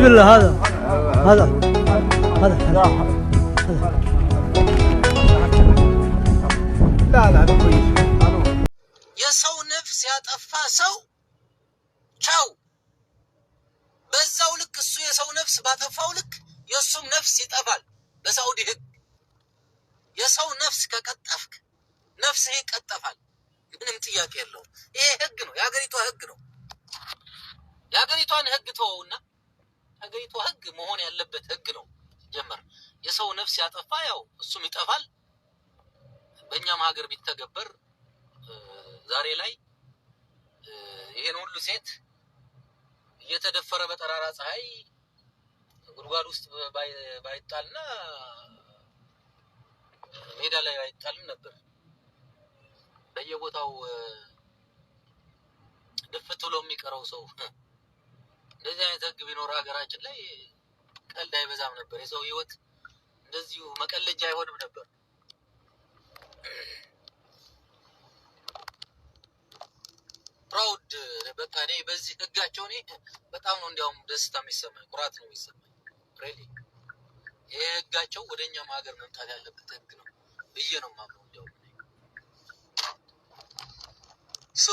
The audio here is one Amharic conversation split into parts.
بالله هذا هذا هذا هذا لا لا የሰው ነፍስ ያጠፋ ሰው ቻው። በዛው ልክ እሱ የሰው ነፍስ ባጠፋው ልክ የእሱም ነፍስ ይጠፋል። በሳዑዲ ህግ የሰው ነፍስ ከቀጠፍክ ነፍስ ይቀጠፋል። ምንም ጥያቄ የለውም። ይሄ ህግ ነው፣ የሀገሪቷ ህግ ነው። የሀገሪቷን ህግ ተወውና ሀገሪቱ ህግ መሆን ያለበት ህግ ነው። ጀመር የሰው ነፍስ ያጠፋ ያው እሱም ይጠፋል። በእኛም ሀገር ቢተገበር ዛሬ ላይ ይሄን ሁሉ ሴት እየተደፈረ በጠራራ ፀሐይ ጉድጓድ ውስጥ ባይጣልና ሜዳ ላይ ባይጣልም ነበር። በየቦታው ድፍት ብሎ የሚቀረው ሰው እንደዚህ አይነት ህግ ቢኖር ሀገራችን ላይ ቀልድ አይበዛም ነበር። የሰው ህይወት እንደዚሁ መቀለጃ አይሆንም ነበር። ፕራውድ በቃ እኔ በዚህ ህጋቸው እኔ በጣም ነው እንዲያውም ደስታ የሚሰማኝ ኩራት ነው የሚሰማኝ። ሬሊ ይሄ ህጋቸው ወደ እኛም ሀገር መምጣት ያለበት ህግ ነው ብዬ ነው ማምነው። እንዲያውም ሶ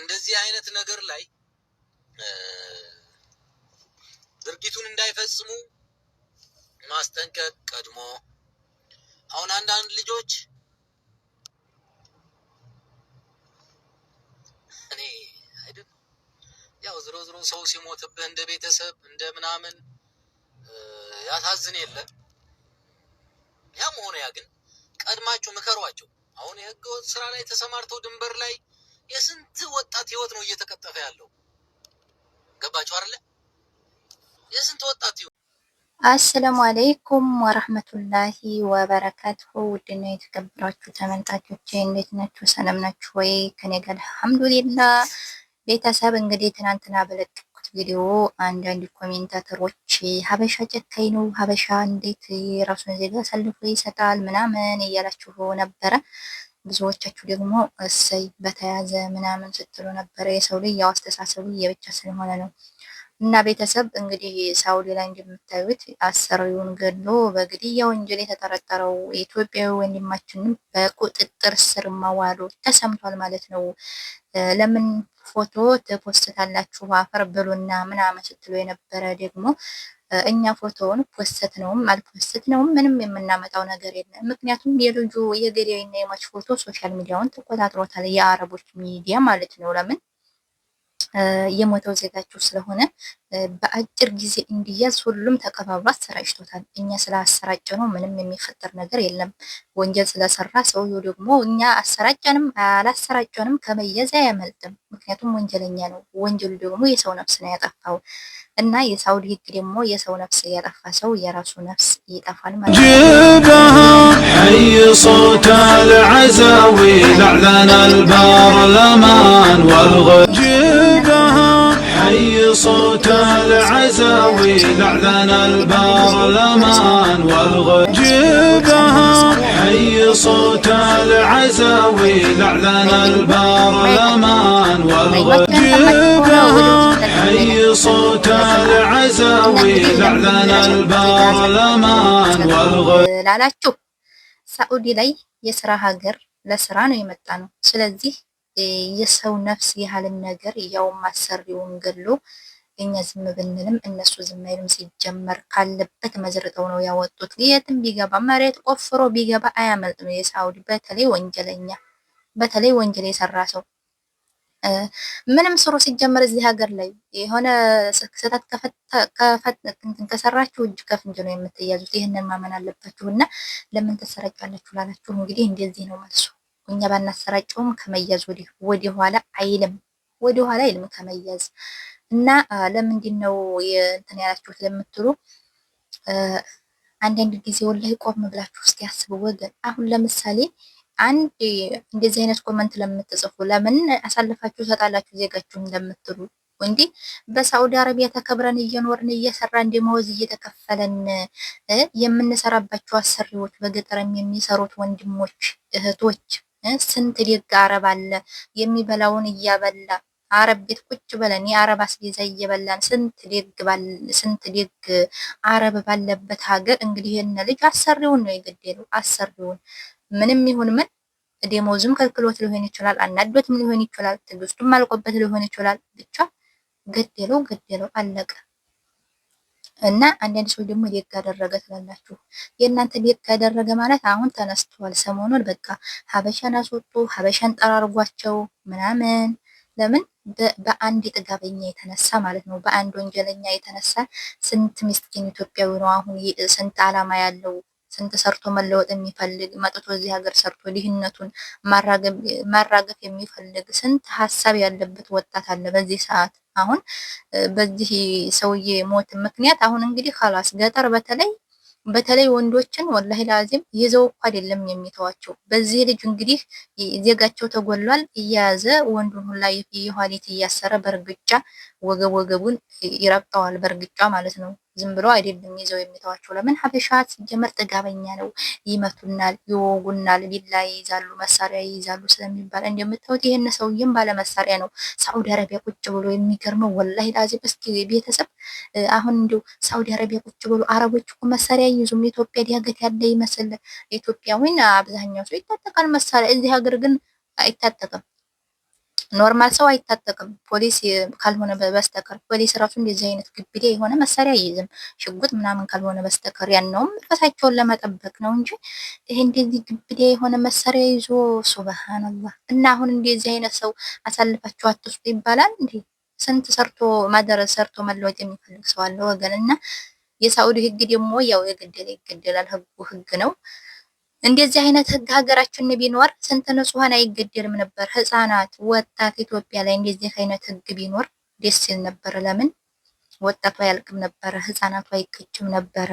እንደዚህ አይነት ነገር ላይ ድርጊቱን እንዳይፈጽሙ ማስጠንቀቅ ቀድሞ አሁን አንዳንድ ልጆች እኔ አይደል ያው ዝሮ ዝሮ ሰው ሲሞትብህ እንደ ቤተሰብ እንደ ምናምን ያሳዝን የለን። ያም ሆነ ያ ግን ቀድማችሁ ምከሯቸው። አሁን የህገወጥ ስራ ላይ ተሰማርተው ድንበር ላይ የስንት ወጣት ህይወት ነው እየተቀጠፈ ያለው። ገባችሁ አይደለ? የስንት ወጣት ህይወት። አሰላሙ አለይኩም ወራህመቱላሂ ወበረካቱሁ። ውድና የተከበራችሁ ተመልካቾቼ እንዴት ናችሁ? ሰላም ናችሁ ወይ? ከኔ ጋር አልሐምዱሊላህ። ቤተሰብ እንግዲህ ትናንትና በለቀኩት ቪዲዮ አንዳንድ ኮሜንታተሮች ሀበሻ ጨካኝ ነው፣ ሀበሻ እንዴት የራሱን ዜጋ አሳልፎ ይሰጣል ምናምን እያላችሁ ነበረ። ብዙዎቻችሁ ደግሞ እሰይ በተያዘ ምናምን ስትሉ ነበረ። የሰው ልጅ ያው አስተሳሰቡ የብቻ ስለሆነ ነው። እና ቤተሰብ እንግዲህ ሳውዲ ላይ እንደምታዩት አሰሪውን ገድሎ በግድያ ወንጀል የተጠረጠረው የኢትዮጵያዊ ወንድማችንም በቁጥጥር ስር መዋሉ ተሰምቷል ማለት ነው። ለምን ፎቶ ትፖስታላችሁ አፈር ብሉና ምናምን ስትሉ የነበረ ደግሞ እኛ ፎቶውን ፖስት ነውም አልፖስት ነውም ምንም የምናመጣው ነገር የለም። ምክንያቱም የልጁ የገዳይና የሟች ፎቶ ሶሻል ሚዲያውን ተቆጣጥሮታል፣ የአረቦች ሚዲያ ማለት ነው። ለምን የሞተው ዜጋችሁ ስለሆነ በአጭር ጊዜ እንዲያዝ ሁሉም ተቀባብሎ አሰራጭቶታል። እኛ ስለ አሰራጭ ነው ምንም የሚፈጠር ነገር የለም። ወንጀል ስለሰራ ሰውየው ደግሞ እኛ አሰራጨንም አላሰራጨንም ከመያዝ አያመልጥም። ምክንያቱም ወንጀለኛ ነው። ወንጀሉ ደግሞ የሰው ነፍስ ነው ያጠፋው እና የሳውዲ ሕግ ደግሞ የሰው ነፍስ ያጠፋ ሰው የራሱ ነፍስ ይጠፋል ማለት ነው። صوت العزاوي لعلن البرلمان والغد جيبها حي صوت العزاوي لعلن البرلمان والغد جيبها حي صوت العزاوي لعلن البرلمان والغد لا لا شوف የስራ لي يسرى هاجر የመጣ يمتانو سلزيه የሰው ነፍስ ያህልን ነገር ያው ማሰሪውን ገሎ እኛ ዝም ብንልም እነሱ ዝም አይሉም። ሲጀመር ካለበት መዝርጠው ነው ያወጡት። የትም ቢገባ መሬት ቆፍሮ ቢገባ አያመልጥም የሳውዲ በተለይ ወንጀለኛ በተለይ ወንጀል የሰራ ሰው ምንም ስሩ ሲጀመር እዚህ ሀገር ላይ የሆነ ስህተት ከሰራችሁ እጅ ከፍንጅ ነው የምትያዙት። ይህንን ማመን አለባችሁ። እና ለምን ተሰረጫላችሁ ላላችሁ እንግዲህ እንደዚህ ነው መልሱ። እኛ ባናሰራጨውም ከመያዝ ወደ ኋላ አይልም፣ ወደ አይልም ከመያዝ እና ለምንድን ነው እንትን ያላችሁት ለምትሉ አንዳንድ ጊዜ ወላሂ ቆም ብላችሁ ውስጥ ያስቡ ወገን። አሁን ለምሳሌ አንድ እንደዚህ አይነት ኮመንት ለምትጽፉ ለምን አሳልፋችሁ ሰጣላችሁ ዜጋችሁ ለምትሉ እንዲ በሳዑዲ አረቢያ ተከብረን እየኖርን እየሰራን ደመወዝ እየተከፈለን የምንሰራባቸው አሰሪዎች፣ በገጠርም የሚሰሩት ወንድሞች እህቶች ስንት ደግ አረብ አለ የሚበላውን እያበላ አረብ ቤት ቁጭ ብለን የአረብ አስቤዛ እየበላን ስንት ደግ ስንት አረብ ባለበት ሀገር እንግዲህ የነ ልጅ አሰሪውን ነው የገደለው። አሰሪውን ምንም ይሁን ምን ደሞዙም ከልክሎት ሊሆን ይችላል፣ አናዶትም ሊሆን ይችላል፣ ትግስቱም አልቆበት ሊሆን ይችላል። ብቻ ገደለው ገደለው አለቀ። እና አንዳንድ ሰው ደግሞ ደግ አደረገ ትላላችሁ። የእናንተ ደግ ያደረገ ማለት አሁን ተነስተዋል። ሰሞኑን በቃ ሀበሻን አስወጡ፣ ሀበሻን ጠራርጓቸው ምናምን ለምን በአንድ ጥጋበኛ የተነሳ ማለት ነው። በአንድ ወንጀለኛ የተነሳ ስንት ምስኪን ኢትዮጵያዊ ነው አሁን ስንት አላማ ያለው ስንት ሰርቶ መለወጥ የሚፈልግ መጥቶ እዚህ ሀገር ሰርቶ ድህነቱን ማራገፍ የሚፈልግ ስንት ሀሳብ ያለበት ወጣት አለ በዚህ ሰዓት። አሁን በዚህ ሰውዬ ሞት ምክንያት አሁን እንግዲህ ከላስ ገጠር በተለይ በተለይ ወንዶችን ወላሂ ላዚም ይዘው እኮ አይደለም የሚተዋቸው። በዚህ ልጅ እንግዲህ ዜጋቸው ተጎሏል እየያዘ ወንዱን ሁላ የኋሊት እያሰረ በእርግጫ ወገብ ወገቡን ይረግጠዋል፣ በእርግጫ ማለት ነው። ዝም ብሎ አይደለም ይዘው የሚተዋቸው። ለምን ሀበሻ ሲጀመር ጥጋበኛ ነው። ይመቱናል፣ ይወጉናል፣ ቢላ ይይዛሉ፣ መሳሪያ ይይዛሉ ስለሚባል እንደምታዩት ይህን ሰውዬም ባለመሳሪያ ነው ሳዑዲ አረቢያ ቁጭ ብሎ የሚገርመው ወላሂ ላዚም። እስኪ ቤተሰብ አሁን እንዲሁ ሳዑዲ አረቢያ ቁጭ ብሎ አረቦች እኮ መሳሪያ ይዙም ኢትዮጵያ ዲያገት ያለ ይመስል ወይ አብዛኛው ሰው ይታጠቃል መሳሪያ። እዚህ ሀገር ግን አይታጠቅም። ኖርማል ሰው አይታጠቅም ፖሊስ ካልሆነ በስተቀር። ፖሊስ ራሱ እንደዚህ አይነት ግብዴ የሆነ መሳሪያ አይይዝም ሽጉጥ ምናምን ካልሆነ በስተቀር። ያነውም ራሳቸውን ለመጠበቅ ነው እንጂ ይሄ እንደዚህ ግብዴ የሆነ መሳሪያ ይዞ ሱብሃንላህ። እና አሁን እንደዚህ አይነት ሰው አሳልፋችሁ አትስጡ ይባላል እንዴ? ስንት ሰርቶ ማደረስ ሰርቶ መለወጥ የሚፈልግ ሰው አለ ወገን። እና የሳኡዲ ህግ ደግሞ ያው የገደለ ይገደላል፣ ህጉ ህግ ነው። እንደዚህ አይነት ህግ ሀገራችን ቢኖር ስንት ንጹሃን አይገደልም ነበር። ህፃናት ወጣት ኢትዮጵያ ላይ እንደዚህ አይነት ህግ ቢኖር ደስ ሲል ነበር። ለምን ወጣቱ አያልቅም ነበረ፣ ህፃናቱ አይቀጭም ነበረ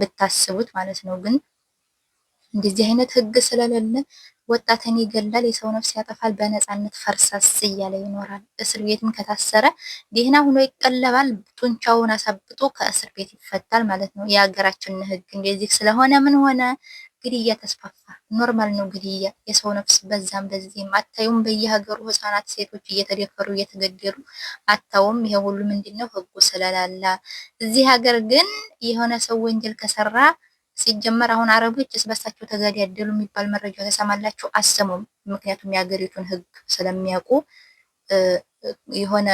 ብታስቡት ማለት ነው። ግን እንደዚህ አይነት ህግ ስለሌለ ወጣትን ይገላል፣ የሰው ነፍስ ያጠፋል፣ በነፃነት ፈርሳስ እያለ ይኖራል። እስር ቤትም ከታሰረ ደህና ሆኖ ይቀለባል፣ ጡንቻውን አሳብጦ ከእስር ቤት ይፈታል ማለት ነው። የሀገራችን ህግ እንደዚህ ስለሆነ ምን ሆነ? ግድያ ተስፋፋ። ኖርማል ነው ግድያ፣ የሰው ነፍስ በዛም በዚህም አታዩም። በየሀገሩ ህጻናት፣ ሴቶች እየተደፈሩ እየተገደሉ አታውም። ይሄ ሁሉ ምንድነው? ህጉ ስለላላ። እዚህ ሀገር ግን የሆነ ሰው ወንጀል ከሰራ ሲጀመር አሁን አረቦች እስበሳቸው ተገዳደሉ የሚባል መረጃ ተሰማላቸው አሰሙም። ምክንያቱም የሀገሪቱን ህግ ስለሚያውቁ የሆነ